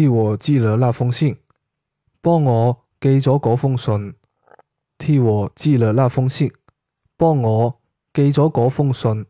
替我寄了那封信，幫我寄咗嗰封信。替我寄了那封信，幫我寄咗嗰封信。